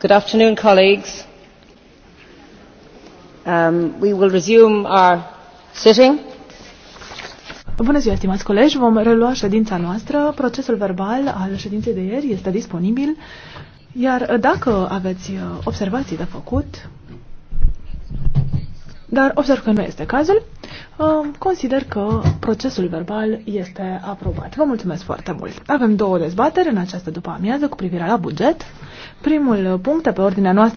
good afternoon colleagues um, we will resume our sitting Bună ziua, stimați colegi! Vom relua ședința noastră. Procesul verbal al ședinței de ieri este disponibil, iar dacă aveți uh, observații de făcut, dar observ că nu este cazul, consider că procesul verbal este aprobat. Vă mulțumesc foarte mult. Avem două dezbateri în această după amiază cu privire la buget. Primul punct pe ordinea noastră